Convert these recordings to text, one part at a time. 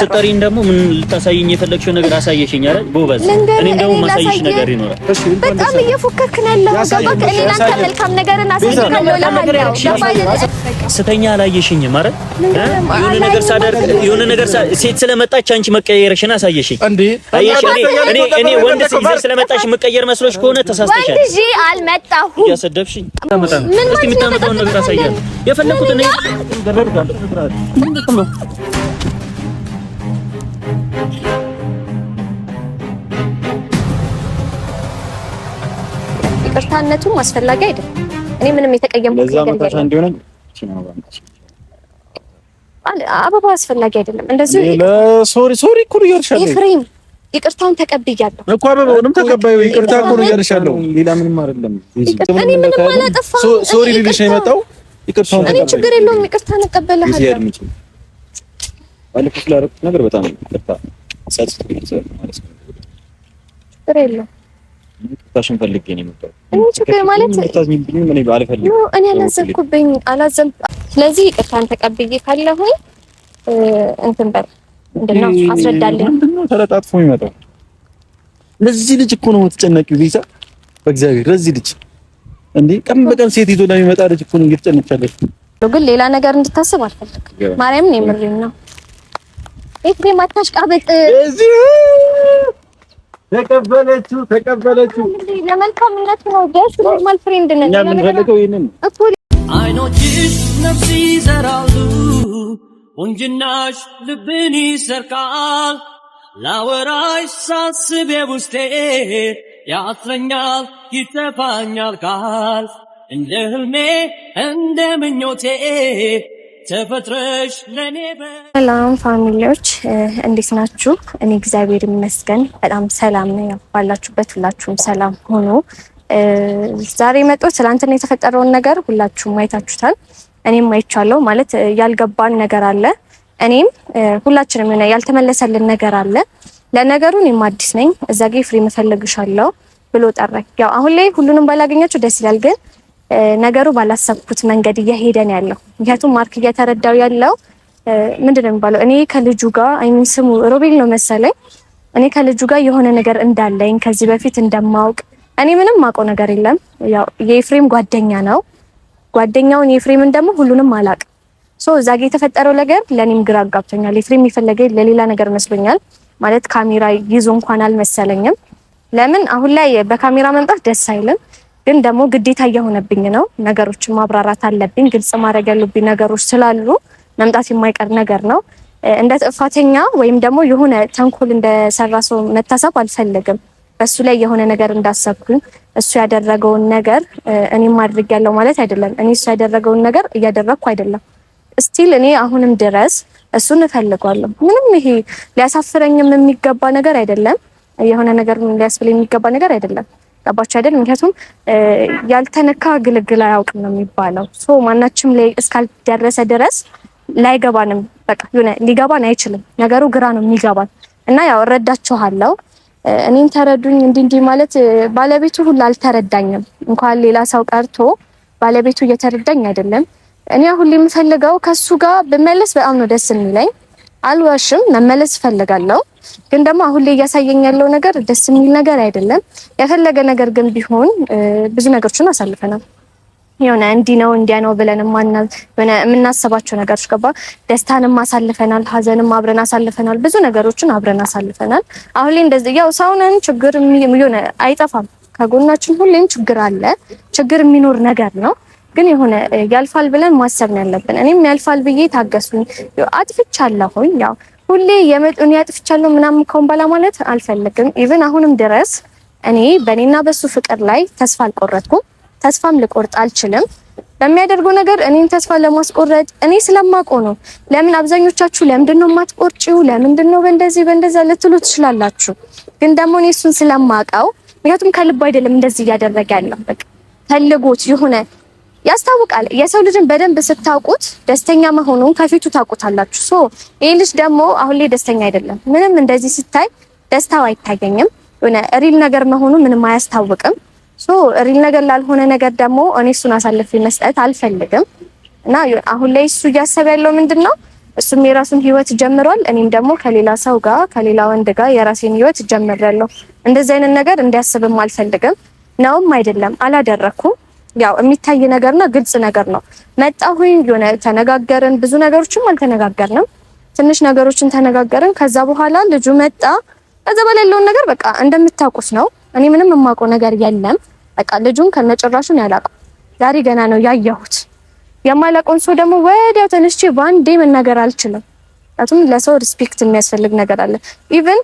ስጠሪን ደግሞ ምን ልታሳይኝ የፈለግሽው ነገር አሳየሽኝ አይደል? ጎበዝ። እኔም ደግሞ ማሳየሽ ነገር ይኖራል። በጣም እየፎከርክ ነው ያለው። ገባክ? እኔ ላንተ መልካም ነገርን አሳይካለሁ። ስተኛ አላየሽኝም አይደል? የሆነ ነገር ሳደርግ የሆነ ነገር ሴት ስለመጣች አንቺ መቀየርሽን አሳየሽኝ። አየሽ? እኔ እኔ ወንድ ሲይዘሽ ስለመጣሽ መቀየር መስሎሽ ከሆነ ተሳስተሻል። ወንድ ጂ አልመጣሁም። እያሰደብሽኝ ምን ማለት ነው? የምታመጣውን ነገር አሳያለሁ። የፈለኩት እኔ ደረድጋለሁ። ይቅርታነቱም አስፈላጊ አይደለም። እኔ ምንም የተቀየምኩት አበባ አስፈላጊ አይደለም። እንደዚህ ሶሪ ሶሪ እኮ ነው እያልሻለሁ። ኤፍሬም ይቅርታውን ተቀብያለሁ እኮ አበባውንም ተቀባዩ ይቅርታ እኮ ነው እያልሻለሁ። ሌላ ምንም አይደለም። እኔ ምንም አላጠፋሁም። ሶሪ ልልሽ ነው የመጣው። ይቅርታውን እኔ ችግር የለውም። ይቅርታ እንቀበልሃለሁ ባለፈው ስላደረኩት ነገር በጣም ይቅርታ ጸጽት ነው ማለት ነው። ችግር የለውም። ይቅርታሽን ፈልጌ ነው የመጣሁት። ችግር ማለት እኔ አላዘንኩብኝ አላዘን። ስለዚህ ይቅርታን ተቀብዬ ካለሁኝ እንትን በል ምንድን አስረዳልኝ። ምንድን ነው ተለጣጥፎ የሚመጣው ለዚህ ልጅ እኮ ነው የምትጨነቂው ሊዛ። በእግዚአብሔር ለዚህ ልጅ እንዴ ቀን በቀን ሴት ይዞ ለሚመጣ ልጅ እኮ ነው እየተጨነቅሻለሽ። ግን ሌላ ነገር እንድታስብ አልፈልግም። ማርያምን የምሬን ነው ኤፍሬም አታሽቃበጥ። እዚህ ተቀበለችው ተቀበለችው። ለመልካምነት ነው። ደስ ኖርማል ፍሬንድ ነን። እኛ የምንፈልገው ይሄንን እኮ አይኖችሽ ነፍስ ይዘራሉ፣ ቁንጅናሽ ልብን ይሰርቃል። ላወራሽ ሳስብ የውስጤ ያስረኛል፣ ይጠፋኛል ቃል እንደ ህልሜ እንደ ምኞቴ ሰላም ፋሚሊዎች እንዴት ናችሁ? እኔ እግዚአብሔር ይመስገን በጣም ሰላም ነው። ባላችሁበት ሁላችሁም ሰላም ሆኖ ዛሬ መጦ ትላንትና የተፈጠረውን ነገር ሁላችሁም አይታችሁታል። እኔም አይቻለሁ። ማለት ያልገባን ነገር አለ። እኔም ሁላችንም የሆነ ያልተመለሰልን ነገር አለ። ለነገሩ እኔም አዲስ ነኝ። እዛ ጋ ፍሬ መፈለግሻለሁ ብሎ ጠራኝ። ያው አሁን ላይ ሁሉንም ባላገኛችሁ ደስ ይላል ግን ነገሩ ባላሰብኩት መንገድ እየሄደን ያለው ምክንያቱም ማርክ እየተረዳው ያለው ምንድን ነው የሚባለው እኔ ከልጁ ጋር አይሚን ስሙ ሮቤል ነው መሰለኝ እኔ ከልጁ ጋር የሆነ ነገር እንዳለኝ ከዚህ በፊት እንደማውቅ እኔ ምንም ማውቀው ነገር የለም። ያው የኤፍሬም ጓደኛ ነው ጓደኛውን የኤፍሬምን ደግሞ ሁሉንም አላቅ ሶ እዛ ጋ የተፈጠረው ነገር ለእኔም ግራ አጋብቶኛል። ኤፍሬም የፈለገ ለሌላ ነገር መስሎኛል። ማለት ካሜራ ይዞ እንኳን አልመሰለኝም። ለምን አሁን ላይ በካሜራ መምጣት ደስ አይልም። ግን ደግሞ ግዴታ እየሆነብኝ ነው። ነገሮችን ማብራራት አለብኝ። ግልጽ ማድረግ ያሉብኝ ነገሮች ስላሉ መምጣት የማይቀር ነገር ነው። እንደ ጥፋተኛ ወይም ደግሞ የሆነ ተንኮል እንደሰራ ሰው መታሰብ አልፈልግም። በሱ ላይ የሆነ ነገር እንዳሰብኩኝ እሱ ያደረገውን ነገር እኔም ማድረግ ያለው ማለት አይደለም። እኔ እሱ ያደረገውን ነገር እያደረግኩ አይደለም። ስቲል እኔ አሁንም ድረስ እሱን እፈልጓለሁ። ምንም ይሄ ሊያሳፍረኝም የሚገባ ነገር አይደለም። የሆነ ነገር ሊያስብል የሚገባ ነገር አይደለም። ገባች አይደል? ምክንያቱም ያልተነካ ግልግል አያውቅም ነው የሚባለው። ሶ ማናችም ላይ እስካልደረሰ ድረስ ላይገባንም፣ በቃ የሆነ ሊገባን አይችልም። ነገሩ ግራ ነው የሚገባን እና ያው እረዳችኋለሁ፣ እኔን ተረዱኝ። እንዲህ እንዲህ ማለት ባለቤቱ ሁሉ አልተረዳኝም፣ እንኳን ሌላ ሰው ቀርቶ ባለቤቱ እየተረዳኝ አይደለም። እኔ ሁሉ የምፈልገው ከሱ ጋር ብመለስ በጣም ነው ደስ የሚለኝ አልዋሽም፣ መመለስ እፈልጋለሁ። ግን ደግሞ አሁን ላይ እያሳየኝ ያለው ነገር ደስ የሚል ነገር አይደለም። የፈለገ ነገር ግን ቢሆን ብዙ ነገሮችን አሳልፈናል። የሆነ እንዲህ ነው እንዲያ ነው ብለን የምናስባቸው ነገሮች ገባ። ደስታንም አሳልፈናል፣ ሀዘንም አብረን አሳልፈናል፣ ብዙ ነገሮችን አብረን አሳልፈናል። አሁን ላይ እንደዚህ ያው ሰውነን ችግር የሆነ አይጠፋም፣ ከጎናችን ሁሌም ችግር አለ። ችግር የሚኖር ነገር ነው ግን የሆነ ያልፋል ብለን ማሰብ ነው ያለብን። እኔም ያልፋል ብዬ ታገሱኝ። አጥፍቻለሁኝ ያው ሁሌ የመጡን አጥፍቻለሁ ምናምን ከውን በላ ማለት አልፈልግም። ኢቭን አሁንም ድረስ እኔ በእኔና በሱ ፍቅር ላይ ተስፋ አልቆረጥኩም። ተስፋም ልቆርጥ አልችልም። በሚያደርገው ነገር እኔን ተስፋ ለማስቆረጥ እኔ ስለማውቀው ነው። ለምን አብዛኞቻችሁ ለምንድን ነው የማትቆርጪው? ለምንድን ነው በእንደዚህ በእንደዛ ልትሉ ትችላላችሁ። ግን ደግሞ እኔ እሱን ስለማውቀው ምክንያቱም ከልቡ አይደለም እንደዚህ እያደረገ ያለው በቃ ፈልጎት የሆነ ያስታውቃል። የሰው ልጅን በደንብ ስታውቁት ደስተኛ መሆኑን ከፊቱ ታውቁታላችሁ። ሶ ይህ ልጅ ደግሞ አሁን ላይ ደስተኛ አይደለም። ምንም እንደዚህ ሲታይ ደስታው አይታየኝም። የሆነ ሪል ነገር መሆኑ ምንም አያስታውቅም። ሶ ሪል ነገር ላልሆነ ነገር ደግሞ እኔ እሱን አሳልፌ መስጠት አልፈልግም እና አሁን ላይ እሱ እያሰበ ያለው ምንድን ነው? እሱም የራሱን ህይወት ጀምሯል። እኔም ደግሞ ከሌላ ሰው ጋር ከሌላ ወንድ ጋር የራሴን ህይወት ጀምሬያለሁ። እንደዚህ አይነት ነገር እንዲያስብም አልፈልግም። ነውም አይደለም አላደረኩም ያው የሚታይ ነገርና ግልጽ ነገር ነው። መጣሁኝ የሆነ ተነጋገርን። ብዙ ነገሮችም አልተነጋገርንም፣ ትንሽ ነገሮችን ተነጋገርን። ከዛ በኋላ ልጁ መጣ። ከዛ በላይ ነገር በቃ እንደምታውቁት ነው። እኔ ምንም የማውቀው ነገር የለም። በቃ ልጁን ከነጭራሹን ያላቀው ዛሬ ገና ነው ያየሁት። የማላቀውን ሰው ደግሞ ወዲያው ተነስቼ በአንዴ መናገር አልችልም። ምክንያቱም ለሰው ሪስፔክት የሚያስፈልግ ነገር አለ። ኢቭን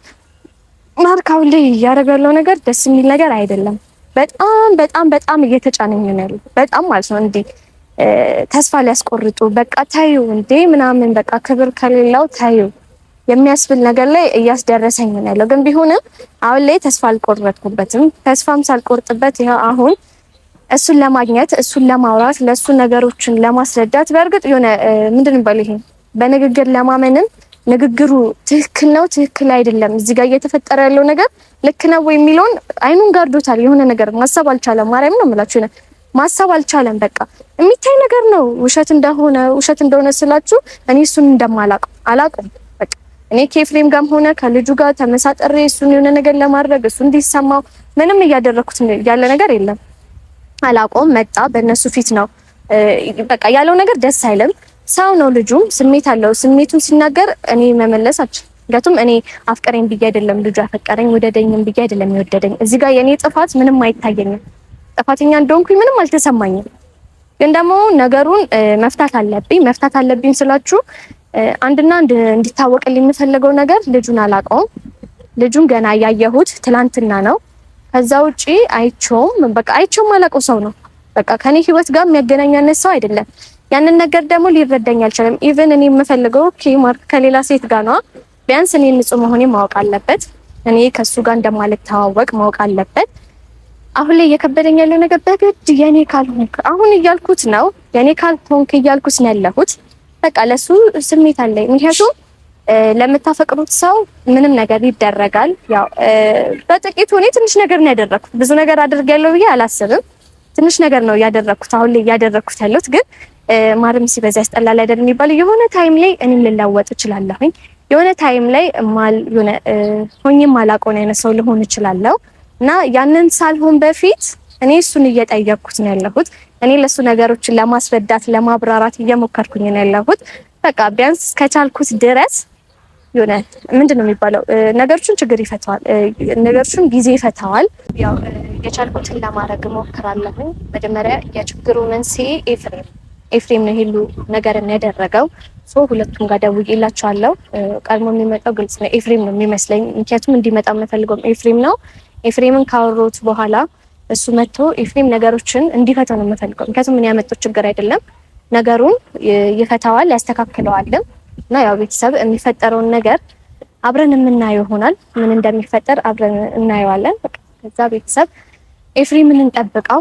ማርካው ላይ እያደረገ ያለው ነገር ደስ የሚል ነገር አይደለም። በጣም በጣም በጣም እየተጫነኝ ነው በጣም ማለት ነው። እንዴ ተስፋ ሊያስቆርጡ በቃ ታዩ እንዴ ምናምን በቃ ክብር ከሌለው ታዩ የሚያስብል ነገር ላይ እያስደረሰኝ ነው ያለው። ግን ቢሆንም አሁን ላይ ተስፋ አልቆረጥኩበትም። ተስፋም ሳልቆርጥበት ይኸው አሁን እሱን ለማግኘት እሱን ለማውራት ለሱ ነገሮችን ለማስረዳት በእርግጥ የሆነ ምንድን በል ይሄ በንግግር ለማመንም ንግግሩ ትክክል ነው፣ ትክክል አይደለም፣ እዚህ ጋር እየተፈጠረ ያለው ነገር ልክ ነው ወይ የሚለውን አይኑን ጋርዶታል። የሆነ ነገር ማሰብ አልቻለም። ማርያም ነው የምላችሁ ነው ማሰብ አልቻለም። በቃ የሚታይ ነገር ነው ውሸት እንደሆነ ውሸት እንደሆነ ስላችሁ እኔ እሱን እንደማላቅ አላቅም። በቃ እኔ ከኤፍሬም ጋርም ሆነ ከልጁ ጋር ተመሳጠሬ እሱን የሆነ ነገር ለማድረግ እሱ እንዲሰማው ምንም እያደረኩት ያለ ነገር የለም። አላቆም መጣ በእነሱ ፊት ነው በቃ ያለው ነገር ደስ አይልም። ሰው ነው ልጁም ስሜት አለው። ስሜቱን ሲናገር እኔ መመለስ አልችልም። ምክንያቱም እኔ አፍቀረኝ ብዬ አይደለም ልጁ አፈቀረኝ ወደደኝም ብዬ አይደለም የወደደኝ። እዚህ ጋር የእኔ ጥፋት ምንም አይታየኝም። ጥፋተኛ እንደሆንኩኝ ምንም አልተሰማኝም። ግን ደግሞ ነገሩን መፍታት አለብኝ። መፍታት አለብኝ ስላችሁ አንድና አንድ እንዲታወቅልኝ የምፈልገው ነገር ልጁን አላውቀውም። ልጁን ገና ያየሁት ትላንትና ነው። ከዛ ውጪ አይቼውም በቃ አይቼውም አላውቀው ሰው ነው። በቃ ከኔ ህይወት ጋር የሚያገናኛነት ሰው አይደለም። ያንን ነገር ደግሞ ሊረዳኝ አልቻለም። ኢቨን እኔ የምፈልገው ማርክ ከሌላ ሴት ጋር ነው። ቢያንስ እኔ ንጹህ መሆኔ ማወቅ አለበት። እኔ ከሱ ጋር እንደማልተዋወቅ ማወቅ አለበት። አሁን ላይ እየከበደኝ ያለው ነገር በግድ የኔ ካልሆንክ አሁን እያልኩት ነው የኔ ካልሆንክ እያልኩት ነው ያለሁት። በቃ ለሱ ስሜት አለኝ። ምክንያቱም ለምታፈቅሩት ሰው ምንም ነገር ይደረጋል። ያው በጥቂቱ እኔ ትንሽ ነገር ነው ያደረኩት። ብዙ ነገር አድርጌያለሁ ብዬ አላስብም። ትንሽ ነገር ነው ያደረኩት፣ አሁን ላይ እያደረኩት ያለሁት ግን ማርም ሲበዛ ያስጠላል አይደል የሚባለው። የሆነ ታይም ላይ እኔም ልላወጥ እችላለሁኝ። የሆነ ታይም ላይ ማል የሆነ ሆኜም ማላቆን አይነት ሰው ልሆን እችላለሁ እና ያንን ሳልሆን በፊት እኔ እሱን እየጠየቅኩት ነው ያለሁት። እኔ ለሱ ነገሮችን ለማስረዳት ለማብራራት እየሞከርኩኝ ነው ያለሁት። በቃ ቢያንስ እስከቻልኩት ድረስ የሆነ ምንድን ነው የሚባለው ነገሮችን ችግር ይፈታዋል፣ ነገሮችን ጊዜ ይፈታዋል። ያው የቻልኩትን ለማድረግ እሞክራለሁኝ። መጀመሪያ የችግሩ መንስኤ ኤፍሬም ኤፍሬም ነው ይሄሉ ነገርን ያደረገው። ሶ ሁለቱም ጋር ደውዬላቸዋለሁ። ቀድሞ የሚመጣው ግልጽ ነው ኤፍሬም ነው የሚመስለኝ፣ ምክንያቱም እንዲመጣ የምፈልገውም ኤፍሬም ነው። ኤፍሬምን ካወሮት በኋላ እሱ መጥቶ ኤፍሬም ነገሮችን እንዲፈታ ነው የምፈልገው፣ ምክንያቱም ምን ያመጣው ችግር አይደለም፣ ነገሩን ይፈታዋል፣ ያስተካክለዋልም እና ያው ቤተሰብ የሚፈጠረውን ነገር አብረን የምናየው ይሆናል። ምን እንደሚፈጠር አብረን እናየዋለን። ከዛ ቤተሰብ ኤፍሬምን እንጠብቀው።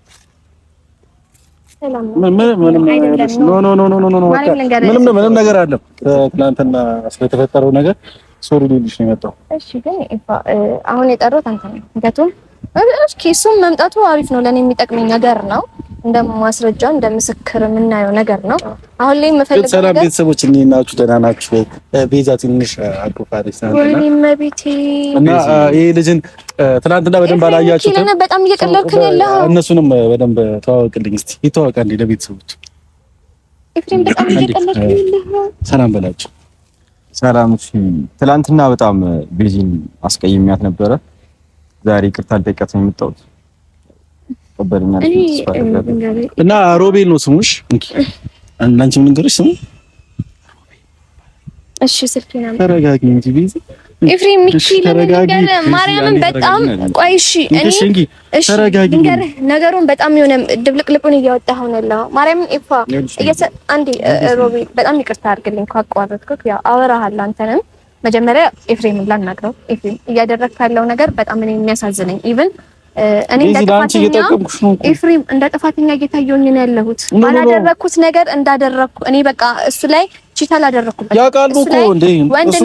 ምንም ነገር አለም። ትናንትና ስለተፈጠረው ነገር ሶሪ ልልሽ ነው የመጣው። እሺ ግን አሁን የጠሩት አንተ ነው እሱም መምጣቱ አሪፍ ነው። ለእኔ የሚጠቅመኝ ነገር ነው። እንደ ማስረጃ እንደ ምስክር የምናየው ነገር ነው። አሁን ላይ የምፈልገው ሰላም፣ ቤተሰቦች እኔ ናችሁ? ደህና ናችሁ? ቤዛ ትንሽ እና ይሄ ልጅን ትናንትና በደንብ አላያችሁትም። በጣም እየቀለድክን ያለው እነሱንም በደንብ ተዋወቅልኝ ለቤተሰቦች ኤፍሬም። በጣም ያለው ሰላም ሰላም። ትናንትና በጣም ቤዚን አስቀይሚያት ነበረ። ዛሬ ይቅርታ ልጠይቃት ነው የመጣሁት። እና ሮቤል ነው ስሙሽ? አንቺ ምን ነገርሽ ስሙ? እሺ ስልኬና ተረጋጊ እንጂ ቢዚ ለነገር ማርያምን በጣም ቆይ እሺ እኔ እሺ ነገሩን በጣም የሆነ ድብልቅልቁን እያወጣኸው ነው ያለው። ማርያምን ኤፋ አንዴ ሮቤል በጣም ይቅርታ አድርግልኝ ካቋረጥኩት ያው አወራሃለሁ አንተንም መጀመሪያ ኤፍሬምን ላናግረው። ኤፍሬም እያደረግክ ያለው ነገር በጣም እኔ የሚያሳዝነኝ ኢቭን እኔ እንደ ጥፋተኛ ኤፍሬም እንደ ጥፋተኛ እየታየሁኝ ነው ያለሁት። አላደረግኩት ነገር እንዳደረግኩ እኔ በቃ እሱ ላይ ቺታ አላደረኩበት። ያውቃል እኮ እንዴ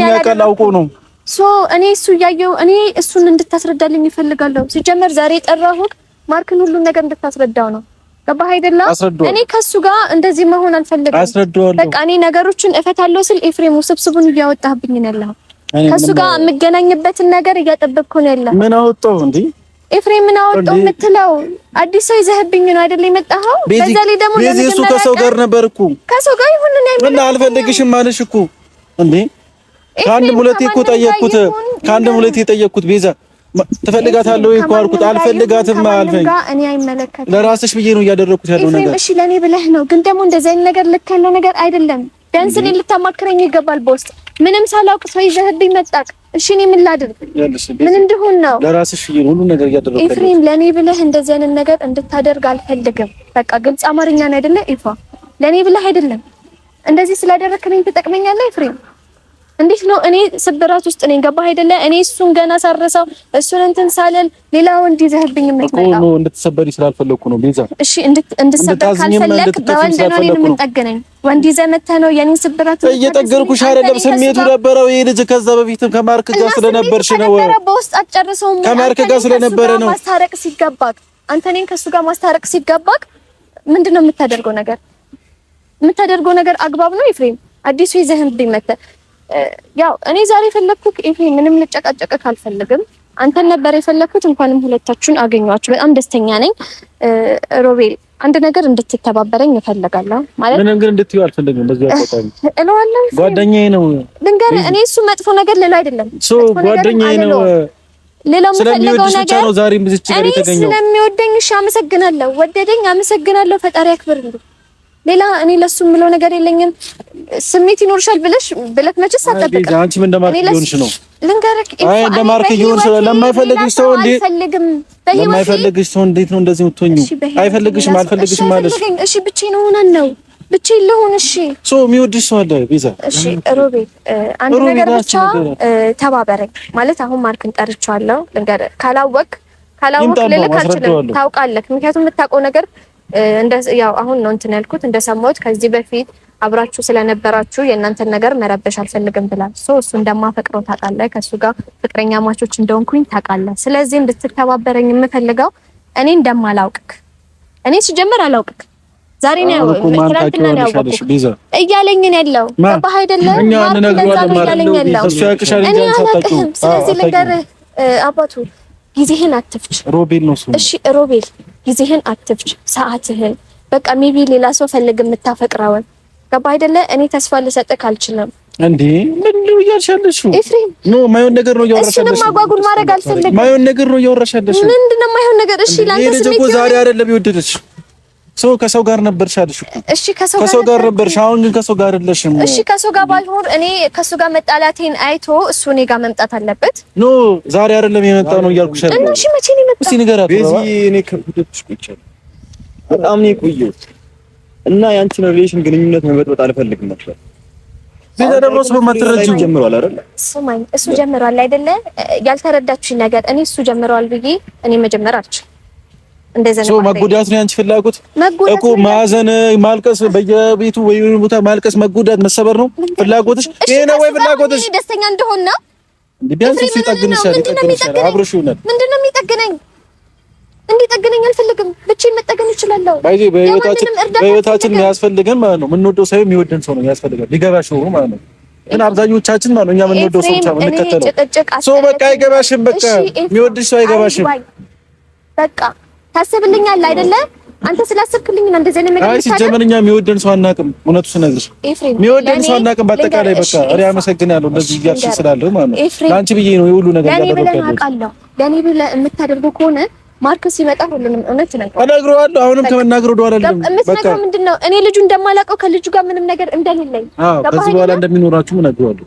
ያውቃል፣ አውቆ ነው ሶ እኔ እሱ እያየው እኔ እሱን እንድታስረዳልኝ ይፈልጋለሁ። ሲጀመር ዛሬ የጠራሁት ማርክን ሁሉን ነገር እንድታስረዳው ነው ገባህ አይደለ? እኔ ከሱ ጋር እንደዚህ መሆን አልፈለግም። አስረዳዋለሁ። በቃ እኔ ነገሮችን እፈታለሁ ስል ኤፍሬም ውስብስቡን እያወጣህብኝ ነው ያለው። ከሱ ጋር የምገናኝበትን ነገር እያጠበቅኩ ነው ያለው። ምን አወጣው እንዴ? ኤፍሬም ምን አወጣው የምትለው? አዲስ ሰው ይዘህብኝ ነው አይደል የመጣኸው? በዛ ላይ ደግሞ ለዚህ እሱ ከሰው ጋር ነበር እኮ ከሰው ጋር ይሁን ነው እና አልፈለግሽም ማለሽ እኮ እንዴ? ከአንድም ሁለቴ እኮ ጠየቅኩት፣ ከአንድም ሁለቴ ጠየቅኩት ቤዛ ትፈልጋታለህ ወይ እኮ አልኩት። አልፈልጋትም አልፈኝ እኔ አይመለከትም። ለራስሽ ብዬ ነው እያደረኩት ያለው ነገር። እሺ ለኔ ብለህ ነው፣ ግን ደግሞ እንደዚህ አይነት ነገር ልክ ያለው ነገር አይደለም። ቢያንስ እኔን ልታማክረኝ ይገባል። በውስጥ ምንም ሳላውቅ ሰው ይዘህብኝ መጣቅ። እሺ እኔ ምን ላድርግ? ምን እንደሆነ ነው። ለራስሽ ብዬ ነው ሁሉን ነገር እያደረኩት። ኤፍሬም ለኔ ብለህ እንደዚህ አይነት ነገር እንድታደርግ አልፈልግም። በቃ ግልጽ አማርኛ ነው አይደለ? ይፋ ለኔ ብለህ አይደለም እንደዚህ ስላደረክልኝ ትጠቅመኛለህ ኤፍሬም እንዴት ነው እኔ ስብራት ውስጥ ነኝ፣ ገባህ አይደለ? እኔ እሱን ገና ሳረሰው እሱን እንትን ሳለን ሌላ ወንድ ይዘህብኝ የምትመጣው እኮ ነው። እንድትሰበሪ ስላልፈለኩ ነው ቤዛ። እሺ እንድትሰበር ካልፈለክ በወንድ ነው እኔን የምጠገነኝ። ወንድ ይዘህ ነው የኔን ስብራት እየጠገንኩሽ አይደለም። ስሜቱ ነበረው ይሄ ልጅ ከዛ በፊትም ከማርክ ጋር ስለነበርሽ ነው። በውስጥ አትጨርሰውም። ከማርክ ጋር ስለነበረ ነው ማስታረቅ ሲገባክ፣ አንተ እኔን ከሱ ጋር ማስታረቅ ሲገባክ ምንድነው የምታደርገው ነገር? የምታደርገው ነገር አግባብ ነው ኤፍሬም? አዲሱ ይዘህብኝ መተህ ያው እኔ ዛሬ የፈለግኩት ይሄ ምንም ልጨቃጨቅ ካልፈልግም አንተን ነበር የፈለግኩት። እንኳንም ሁለታችሁን አገኘኋችሁ። በጣም ደስተኛ ነኝ። ሮቤል አንድ ነገር እንድትተባበረኝ እፈልጋለሁ። ማለት ምንም ግን እንድትዩ አልፈልግም። በዚህ አቆጣኝ እለዋለሁ። ጓደኛዬ ነው ልንገር። እኔ እሱ መጥፎ ነገር ልለው አይደለም፣ እሱ ጓደኛዬ ነው ሌላው የምፈልገው ነገር ነው። ዛሬም እዚህ ጋር የተገኘው ስለሚወደኝ እሺ፣ አመሰግናለሁ። ወደደኝ፣ አመሰግናለሁ። ፈጣሪ ያክብር። ሌላ እኔ ለሱ የምለው ነገር የለኝም። ስሜት ይኖርሻል ብለሽ ብለት መቼስ አጠብቅም። አንቺ ምን እንደማርክ ይሆንሽ ነው ልንገርክ። አይ እንደማርክ ይሆንሽ ለማይፈልግሽ ሰው እንዴ ለማይፈልግሽ ሰው እንዴት ነው እንደዚህ የምትሆኚው? አይፈልግሽም፣ አልፈልግሽም ማለት እሺ፣ ብቻ ነው ሆነን ነው ብቻ ልሁን። እሺ፣ ሶ የሚወድሽ ሰው አለ ቤዛ። እሺ ሮቤል፣ አንድ ነገር ብቻ ተባበረኝ። ማለት አሁን ማርክን ጠርቻለሁ። ልንገርህ፣ ካላወቅ ካላወቅ ልልክ አልችልም። ታውቃለህ፣ ምክንያቱም የምታውቀው ነገር ያው አሁን ነው እንትን ያልኩት እንደሰማሁት ከዚህ በፊት አብራችሁ ስለነበራችሁ የእናንተን ነገር መረበሽ አልፈልግም ብላል። ሶ እሱ እንደማፈቅረው ታውቃለህ፣ ከእሱ ጋር ፍቅረኛ ማቾች እንደሆንኩኝ ታውቃለህ። ስለዚህ እንድትተባበረኝ የምፈልገው እኔ እንደማላውቅክ እኔ ሲጀመር አላውቅክ ዛሬ ነው ትናንትና ነው ያወቅኩት እያለኝ ያለው። ገባህ አይደለም? ማርክ ነው እያለኝ ያለው። እኔ አላውቅህም። ስለዚህ ልንገርህ አባቱ ጊዜህን አትፍጭ። ሮቤል ነው እሺ ሮቤል ጊዜህን አትፍጅ፣ ሰዓትህን በቃ ሜቢ ሌላ ሰው ፈልግ የምታፈቅረውን ገባ አይደለ? እኔ ተስፋ ልሰጥህ አልችልም። እንዴ ምን ነው እያልሻለሽ? ኤፍሬም ኖ ማይሆን ነገር ነው እያወራሻለሽ። እሱንም ማጓጉል ማድረግ አልፈልግም። ማይሆን ነገር ነው እያወራሻለሽ። ምንድን ነው ማይሆን ነገር? እሺ ላንተ ስሜት ዛሬ አይደለም የወደደች ሰው ከሰው ጋር ነበርሽ አልሽ እሺ ከሰው ጋር ነበርሽ፣ አሁን ግን ከሰው ጋር አይደለሽም። እሺ ከሰው ጋር ባልሆን እኔ ከሱ ጋር መጣላቴን አይቶ እሱ እኔ ጋር መምጣት አለበት። ኖ ዛሬ አይደለም የመጣ ነው እያልኩሽ አይደል? እና እሺ መቼ ነው የመጣው? እስኪ ንገራት። በዚህ እኔ ከጉድብሽ ቆይቻለሁ፣ በጣም ነው የቆየሁት እና ያንቺን ሪሌሽን ግንኙነት መበጥበጥ አልፈልግም ነበር። ቤዛ ደግሞ እሱ በማትረጂው ጀምሯል አይደል? ስማኝ፣ እሱ ጀምሯል አይደለ? ያልተረዳችሁኝ ነገር እኔ እሱ ጀምሯል ብዬ እኔ መጀመር አልችልም እንደዛ መጎዳት ነው ያንቺ ፍላጎት እኮ። ማዘን፣ ማልቀስ፣ በየቤቱ ወይ ቦታ ማልቀስ፣ መጎዳት፣ መሰበር ነው ፍላጎትሽ። ይሄ ነው ወይ ፍላጎትሽ? ደስተኛ እንደሆነ ነው። ቢያንስ ሲጠግንሻል፣ ይጠግንሻል፣ አብሮሽ ይሆናል። ምንድን ነው የሚጠግነኝ? እንዲጠግነኝ አልፈልግም። ብቻዬን መጠገን እችላለሁ። ባይዚ በህይወታችን በህይወታችን የሚያስፈልገን ማለት ነው የምንወደው ሰው የሚወደን ሰው ነው የሚያስፈልገን። ሊገባሽ ነው ማለት ነው ግን አብዛኞቻችን ማለት ነው እኛ የምንወደው ሰው ብቻ የምንከተለው ሰው በቃ አይገባሽም። በቃ የሚወድሽ ሰው አይገባሽም። በቃ ታስብልኛል አይደለ? አንተ ስላስብክልኝ ነው እንደዚህ ነገር። አይ ሲጀመር እኛ የሚወደን ሰው አናውቅም። እውነቱ ስነግርሽ የሚወደን ሰው አናውቅም። በአጠቃላይ በቃ እኔ አመሰግናለሁ እንደዚህ እያልሽ ስላለሁ ማለት ነው። ለአንቺ ብዬ ነው የሁሉ ነገር ያደረገው። ለእኔ ብለህ የምታደርገው ከሆነ ማርከስ ሲመጣ ሁሉንም እውነት ነገር እነግረዋለሁ። አሁንም ከመናገር ወደ ኋላ አይደለም። በቃ ምንድን ነው እኔ ልጁ እንደማላውቀው ከልጁ ጋር ምንም ነገር እንደሌለኝ አዎ ከዚህ በኋላ እንደሚኖራችሁ እነግረዋለሁ።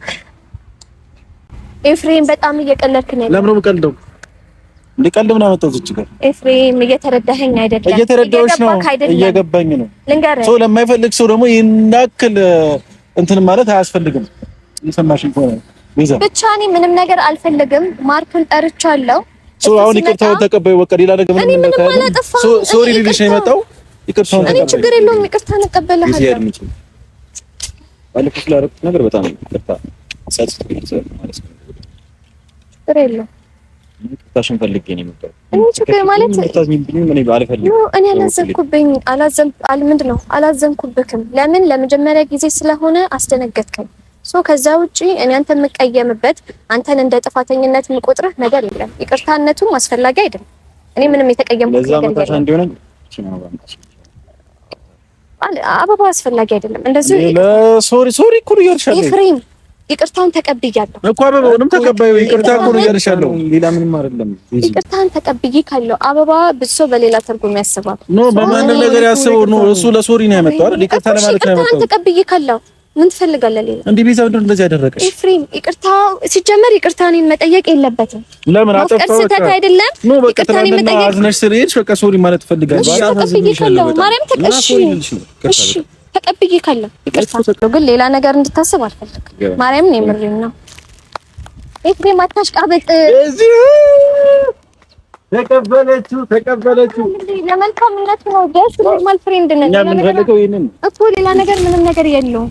ኤፍሬም በጣም እየቀለድክ ነው። ለምን ነው የምቀልደው? እንደ ቀልድ ምን አመጣው እዚህ ጋር? ኤፍሬም እየተረዳኸኝ አይደለም። እየተረዳሁሽ ነው፣ እየገባኝ ነው። ሰው ለማይፈልግ ሰው ደግሞ ይናክል እንትን ማለት አያስፈልግም። እየሰማሽኝ ከሆነ ብቻ እኔ ምንም ነገር አልፈልግም። ማርኩን ጠርቻለሁ። ሶ አሁን ይቅርታውን ተቀበይ። በቃ ሌላ ነገር ምንም ማለት ሶሪ ልልሽ ነው የመጣው። ይቅርታውን ተቀበይ። እኔ ችግር የለውም። ይቅርታን እቀበላለሁ። ባለፈው ስላደረኩት ነገር በጣም ይቅርታ። ሰጥቶኝ ማለት ችግር የለውም ይቅርታሽን ፈልጌ ነው የመጣሁት። እኔ አላዘንኩብክም። ለምን ለመጀመሪያ ጊዜ ስለሆነ አስደነገጥከኝ። ሶ ከዛ ውጪ እኔ አንተ የምቀየምበት አንተን እንደ ጥፋተኝነት የምቆጥርህ ነገር የለም። ይቅርታነቱም አስፈላጊ አይደለም። እኔ ምንም የተቀየምኩት አበባ አስፈላጊ አይደለም። እንደዚህ ሶሪ ሶሪ ኩሪየር ሻለ ኤፍሬም ይቅርታውን ተቀብያለሁ እኮ አበባውንም ተቀባዩ ይቅርታ እኮ ነው እያልሻለሁ። ሌላ ምንም አይደለም። ይቅርታን ተቀብዬ ካለው አበባ ብሶ በሌላ ትርጉም ያስባል። ኖ በማንም ነገር ያስበው ኖ እሱ ለሶሪ ነው ያመጣው አይደል? ይቅርታ ለማለት ነው ያመጣው። ተቀብዬ ካለው ምን ትፈልጋለህ ሌላ? እንዴ ቤዛ ምንድን ነው እንደዚህ ያደረገሽ? ኤፍሬም ይቅርታ ሲጀመር ይቅርታ እኔን መጠየቅ የለበትም። ለምን አጠፋው? ስህተት አይደለም። ኖ በቃ ተናንተ ነው አዝነሽ ስለሄድሽ በቃ ሶሪ ማለት ፈልጋለሁ። አላህ ተቀብዬ ካለው ማርያም ተቀሽ እሺ ተቀብዬ ካለ ይቅርታ፣ ግን ሌላ ነገር እንድታስብ አልፈልግም። ማርያምን የምሬን ነው። እዚህ ቃበጥ እዚህ ተቀበለችው ተቀበለችው። ለመልካምነቱ ነው። ደስ ኖርማል ፍሬንድ ነን እኮ ሌላ ነገር ምንም ነገር የለውም።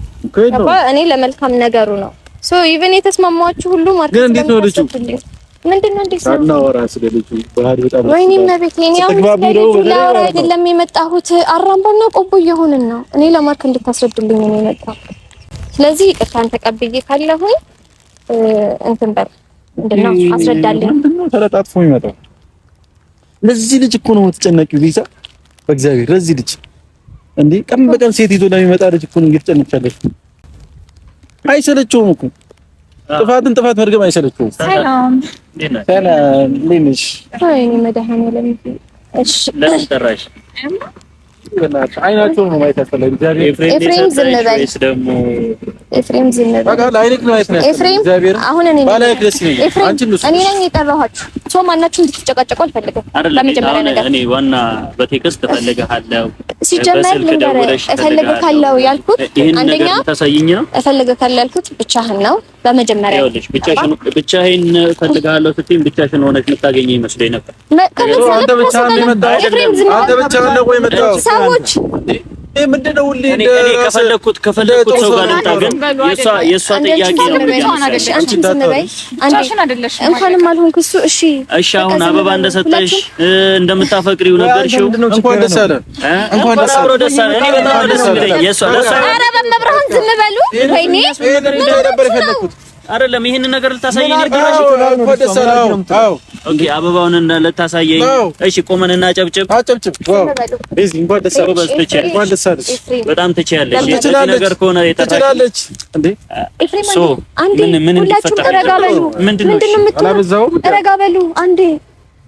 እኔ ለመልካም ነገሩ ነው ሶ ኢቨን የተስማማችሁ ሁሉ ማለት ነው። ልጅ ምንድነው? የመጣሁት። አራምባና ቆቦ እየሆንን ነው። እኔ ለማርክ ነው ስለዚህ ይቅርታን ተቀብዬ ካለሁኝ እንትን ምንድነው አስረዳልኝ። ተለጣጥፎ የሚመጣው ለዚህ ልጅ እኮ ነው የምትጨነቂው በእግዚአብሔር ለዚህ ልጅ እንዴ! ቀን በቀን ሴት ይዞ ለሚመጣ ልጅ እኮ ነው አይሰለችውም እኮ ጥፋትን ጥፋት መድገም አይሰለችውም። ሰላም ሰላም፣ አይ ነው ማናችሁ እንድትጨቃጨቁ አልፈልግም። ለመጀመሪያ ነገር እኔ ዋና በቴክስት ሲጀመር እፈልግ ካለው ያልኩት አንደኛ እፈልግ ካለው ያልኩት ብቻህን ነው። በመጀመሪያ ይኸውልሽ ብቻሽን ብቻዬን እፈልግሃለሁ ስትይኝ ብቻሽን ሆነሽ ይመስለኝ ነበር። ምንድን እኔ ከፈለኩት ከፈለኩት ሰው ጋር ልምጣ፣ ግን የእሷ የእሷ ጥያቄ ነው። እንኳንም አልሆንክ እሱ እሺ፣ እሺ። አሁን አበባ እንደሰጠሽ እንደምታፈቅሪው ነገርሽው። እንኳን ደስ አለ፣ እንኳን ደስ አለ። ደስ አለ። እኔ በጣም ደስ ይለኛል። የእሷ ደስ አለ። ኧረ በመብርሃን ዝም በሉ። ወይኔ ነው? አይደለም ይሄን ነገር ልታሳየኝ ኦኬ፣ አበባውን እና ልታሳየኝ። እሺ፣ ቆመን እና ጨብጭብ አጨብጭብ። በጣም ትችያለሽ። ነገር ከሆነ ምን ምን ምንድን ነው አላበዛውም? ተረጋበሉ አንዴ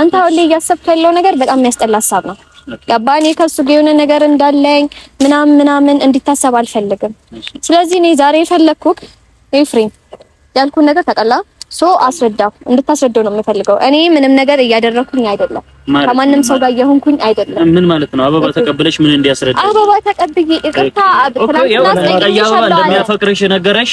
አንተ አሁን ላይ እያሰብክ ያለው ነገር በጣም የሚያስጠላ ሀሳብ ነው። ገባህ? እኔ ከሱ ጋር የሆነ ነገር እንዳለኝ ምናምን ምናምን እንዲታሰብ አልፈልግም። ስለዚህ እኔ ዛሬ የፈለኩክ ኤፍሬም ያልኩን ነገር ተቀላ ሶ አስረዳው እንድታስረዳው ነው የምፈልገው። እኔ ምንም ነገር እያደረኩኝ አይደለም፣ ከማንም ሰው ጋር እየሆንኩኝ አይደለም። ምን ማለት ነው? አበባ ተቀብለሽ ምን እንዲያስረዳ? አበባ ተቀብዬ ይቅርታ፣ ትናንትና እንደሚያፈቅርሽ ነገረሽ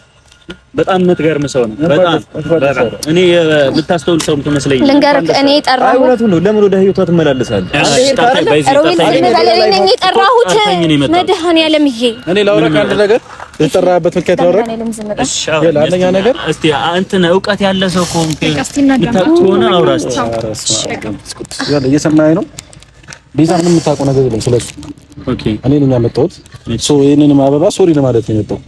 በጣም የምትገርም ሰው ነው። በጣም እኔ የምታስተውል ሰው የምትመስለኝ ልንገርህ፣ እኔ ነው። ለምን ወደ ህይወቷ ትመላለሳለህ? መድኃኒዓለምዬ እኔ ላውራ ነገር የተጠራህበት ምክንያት ላውራ። አንደኛ ነገር እስቲ እንትን እውቀት ያለ ሰው ከሆነ አውራ እስቲ። እየሰማኸኝ ነው? ቤዛ ምንም የምታውቀው ነገር የለም ስለሱ። ኦኬ፣ እኔ ነኝ ያመጣሁት። ሶ ይሄንን አበባ ሶሪ ለማለት ነው የመጣሁት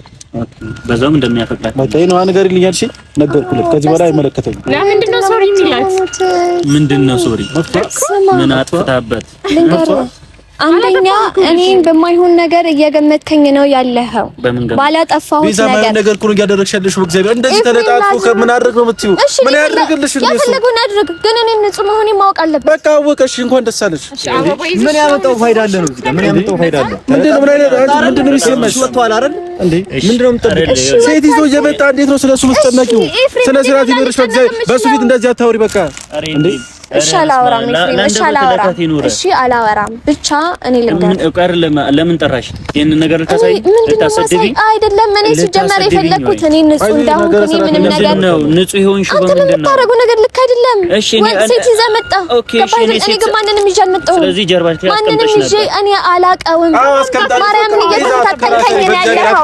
በዛውም እንደሚያፈቅራት በቃ ነው አንገር ልኛል። እሺ ነገርኩለት። ከዚህ በኋላ አይመለከተኝ። ለምንድን ነው ሶሪ የሚላት? ምንድን ነው ሶሪ? ምን አጥፍታበት? አንደኛ እኔን በማይሆን ነገር እየገመትከኝ ነው ያለኸው። ባላጠፋሁት ነገር ነገር ኩሩ እያደረግሽልሽ እግዚአብሔር እንደዚህ ተለጣጥፎ ከምን አድርግ ነው የምትይው? ምን ያድርግልሽ? የፈለገውን አድርግ፣ ግን እኔ ንጹህ መሆኔን ማወቅ አለበት። በቃ አወቀሽ፣ እንኳን ደስ አለሽ። ምን ያመጣው ፋይዳ አለ ነው? ምን ያመጣው ፋይዳ አለ? ምንድነው? ምን አይነት ምንድነው የሚሰማሽ? ወጥቷል አይደል እንዴ? ነው የምጠብቀው? ሴት ይዞ እየመጣ እንዴት ነው ስለሱ የምትጨነቂው? ስለ ስራት ይኖርሽ በእግዚአብሔር። በሱ ፊት እንደዚህ አታውሪ። በቃ እንዴ እሺ አላወራም። እሺ አላወራም። እሺ አላወራም። ብቻ እኔ ልንገር፣ ለምን ጠራሽ? ይሄንን ነገር ልታሳይ ልታሰደቢ አይደለም። እኔ ሲጀመር የፈለኩት እኔ ንጹህ እንዳሁን እኔ ምንም ነገር ነው ንጹህ ይሁን ሽቦ ምንድነው? አንተ የምታደርገው ነገር ልክ አይደለም። እሺ እኔ ሴት ይዘህ መጣህ። ኦኬ እሺ እኔ ሴት ግን ማንንም ይዤ አልመጣሁም። ስለዚህ ጀርባሽ ላይ ማንንም ይዤ እኔ ማርያም ማርያምን እየተከተልከኝ ነው ያለው።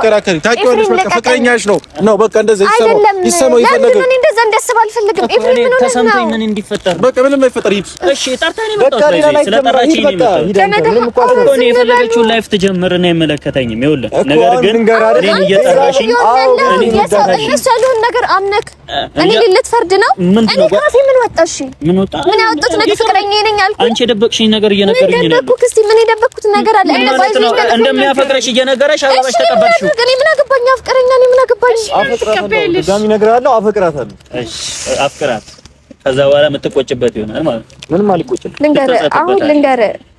ታውቂዋለሽ፣ በቃ ፍቅረኛሽ ነው ነው በቃ እንደዚህ ይሰማው ይሰማው ይፈልገው። ለምን እኔ እንደዛ እንዳስብ አልፈልግም። ኤፍሬም ምን ሆነህ ነው? በቃ ምን እንደማይፈጠር ሂድ። እሺ ጠርታኝ ነው ነው ላይፍ አይመለከተኝም። ይኸውልህ ነገር ግን እኔን እየጠራሽኝ ነገር አምነክ እኔ ልትፈርድ ነው። ምን ነገር አንቺ የደበቅሽኝ ነገር ነው። ምን የደበቅኩት ነገር አለ? እንደሚያፈቅረሽ እየነገረሽ አበባሽ ተቀበልሽው። እኔ ምን አገባኝ? አፍቅረኛ ምን አገባኝ? አፍቅራታለሁ። እሺ አፍቅራት ከዛ በኋላ የምትቆጭበት ይሆናል ማለት ነው። ምንም አልቆጭም። ልንገርህ አሁን ልንገርህ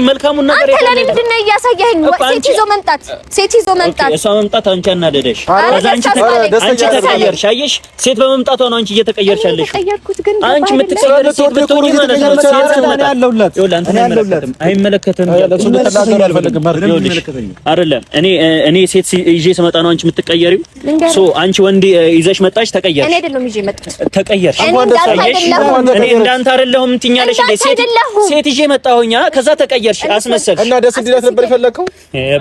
አሳየኝ መልካሙን ነገር። አንተ ለምንድን ነው እያሳየኸኝ? ሴት ይዞ መምጣት ሴት ይዞ መምጣት እሷ መምጣት አንቺ አናደደሽ። አንቺ ተቀየርሽ። አየሽ፣ ሴት በመምጣቷ ነው አንቺ እየተቀየርሽ ያለሽ። አንቺ የምትቀየር ሴት ብትሆን ማለት ነው። ሴት ስትመጣ አይመለከትም፣ አይመለከትም። አይደለም እኔ እኔ ሴት ይዤ ስመጣ ነው አንቺ የምትቀየሪው። ሶ አንቺ ወንድ ይዘሽ መጣሽ፣ ተቀየርሽ። እኔ አይደለም ይዤ መጣሽ፣ ተቀየርሽ። እኔ እንዳንተ አይደለሁም ትኛለሽ። ሴት ይዤ መጣሁኛ፣ ከዛ ተቀየርሽ እያልሽ አስመሰልሽ እና ደስ እንዲላት ነበር የፈለከው።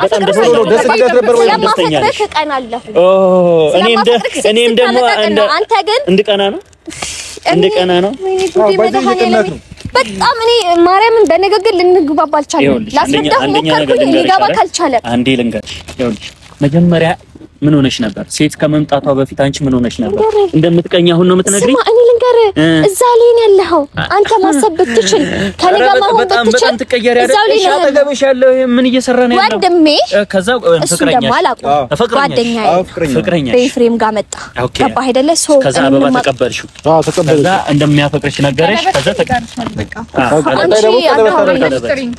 በጣም ደስ ነው። ደስ እንዲላት ነበር ወይ ደስተኛ ነሽ? ኦ እኔም እኔም ደግሞ አንተ ግን እንድቀና ነው እንድቀና ነው። በጣም እኔ ማርያምን በንግግር ልንግባባ አልቻለም። ላስረዳህ ሞከርኩኝ ሊገባ ካልቻለ አንዴ ልንገርሽ፣ ይኸውልሽ መጀመሪያ ምን ሆነሽ ነበር? ሴት ከመምጣቷ በፊት አንቺ ምን ሆነሽ ነበር? እንደምትቀኝ አሁን ነው የምትነግሪኝ? ስማ፣ እኔ ልንገርህ፣ እዛ ላይ ነው ያለኸው። አንተ ማሰብ ብትችል ከኔ ጋር ማሆን ብትችል ትቀየሪ አይደል? ነው አጠገብሽ ያለው። ምን እየሰራ ነው ያለው ወንድሜ? ከዛ ፍቅረኛ ጓደኛ ፍቅረኛ በኤፍሬም ጋር መጣ። ገባህ አይደለ? ሶ ከዛ አበባ ተቀበልሽ። አዎ ተቀበልሽ። ከዛ እንደሚያፈቅርሽ ነገረሽ። ከዛ ተቀበልሽ። በቃ አንቺ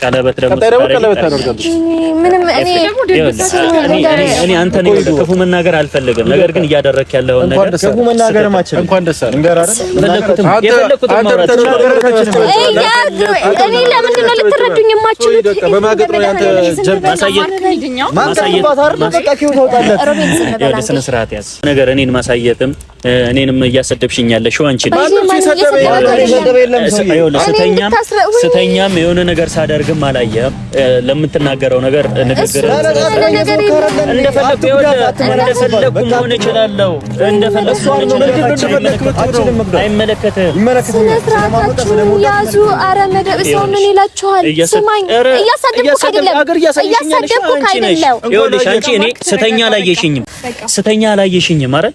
ቀለበት ደግሞ ቀለበት ታደርጋለሽ። ምንም እኔ እኔ አንተ ነኝ ክፉ መናገር አልፈልግም። ነገር ግን እያደረክ ያለው ነገር ክፉ መናገር ማችል እንኳን ደስ አለ እንገር አይደል የፈለኩትም ማውራት እኔ በማገጥ ነው ጀብ ማሳየት ማሳየት ነገር እኔን ማሳየትም እኔንም እያሰደብሽኝ ያለሽ አንቺ ስተኛም ስተኛም የሆነ ነገር ሳደርግም አላየህም። ለምትናገረው ነገር ንግግር እንደፈለኩ እንደፈለኩ መሆን እችላለሁ። እንደፈለኩ ያዙ። ኧረ መደብ ሰው ምን ይላችኋል? ስማኝ፣ አይደለም። ይኸውልሽ አንቺ እኔ ስተኛ አላየሽኝም፣ ስተኛ አላየሽኝም አይደል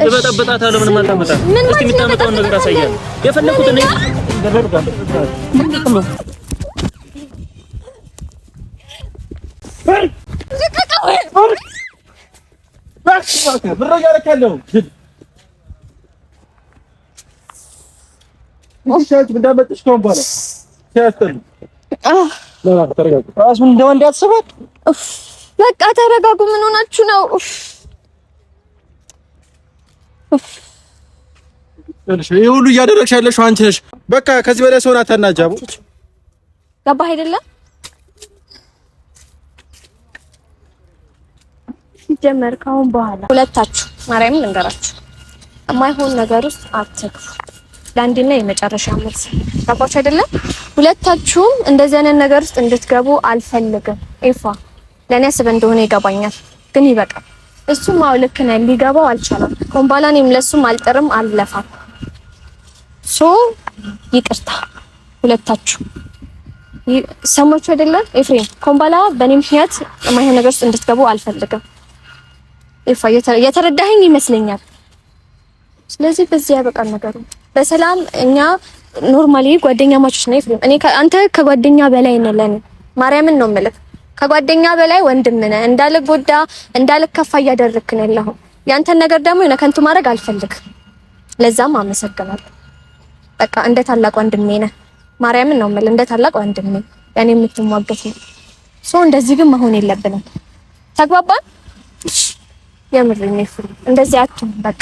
እበጠብጣታለሁ። ምንም አታመጣም። እስኪ የምታመጣውን ነገር አሳያለሁ። የፈለኩት እኔ በቃ ተረጋጉ። ምን ሆናችሁ ነው? ይሄ ሁሉ እያደረግሽ ያለሽው አንቺ ነሽ። በቃ ከዚህ በላይ ሰውን አታናጅ። አቡ አይደለም? ሲጀመር ካሁን በኋላ ሁለታችሁ ማርያምን እንገራችሁ የማይሆን ነገር ውስጥ አትግፉ። ለአንድና የመጨረሻ መልስ ገባችሁ አይደለም? ሁለታችሁም እንደዚህ አይነት ነገር ውስጥ እንድትገቡ አልፈልግም። ኢፋ ለእኔ አስበህ እንደሆነ ይገባኛል፣ ግን ይበቃል። እሱም አዎ ልክ ነህ ሊገባው አልቻለም። ከሆነ በኋላ እኔም ለሱም አልጥርም አልለፋም። ሶ ይቅርታ ሁለታችሁ ሰሞቹ አይደለም ኤፍሬም ኮምባላ በእኔ ምክንያት የማይሆን ነገር ውስጥ እንድትገቡ አልፈልግም። ኤፋ የተረዳኸኝ ይመስለኛል። ስለዚህ በዚህ ያበቃል ነገሩ። በሰላም እኛ ኖርማሊ ጓደኛ ማቾች ነው ኤፍሬም። እኔ አንተ ከጓደኛ በላይ ነህ ለኔ። ማርያምን ነው የምልህ ከጓደኛ በላይ ወንድም ነህ። እንዳልጎዳ እንዳልከፋ እያደረግክ ነው ያለኸው። ያንተን ነገር ደግሞ የሆነ ከንቱ ማድረግ አልፈልግም። ለዛም አመሰግናለሁ። በቃ እንደ ታላቅ ወንድሜ ነህ። ማርያምን ነው የምልህ፣ እንደ ታላቅ ወንድሜ ያኔ የምትሟገት ነው። ሶ እንደዚህ ግን መሆን የለብንም። ተግባባን? የምር ነው እንደዚህ አትሁን በቃ